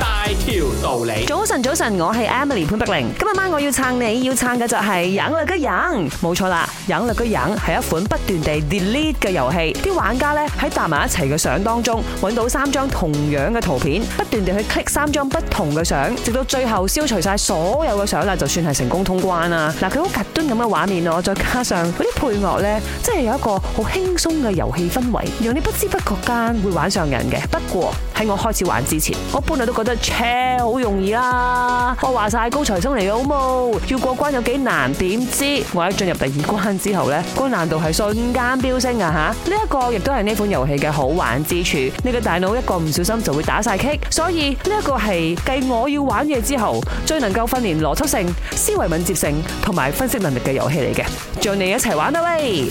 大條道理，早晨早晨，我係 Emily 潘碧玲。今日晚我要撐你要撐嘅就係「羊了個羊」，冇錯啦。「羊了個羊」係一款不斷地 delete 嘅遊戲，啲玩家咧喺搭埋一齊嘅相當中揾到三張同樣嘅圖片，不斷地去 click 三張不同嘅相，直到最後消除晒所有嘅相啦，就算係成功通關啦。嗱，佢好極端咁嘅畫面咯，再加上嗰啲配樂咧，真係有一個好輕鬆嘅遊戲氛圍，讓你不知不覺間會玩上癮嘅。不過喺我開始玩之前，我本來都覺。車好容易啦，啊！我話晒高材生嚟嘅，好冇，要過關有幾難？點知我一進入第二關之後，呢個難度係瞬間飆升啊！吓，呢一個亦都係呢款遊戲嘅好玩之處。你嘅大腦一個唔小心就會打晒棘，所以呢一個係繼我要玩嘢之後，最能夠訓練邏輯性、思維敏捷性同埋分析能力嘅遊戲嚟嘅。仲你一齊玩啦喂！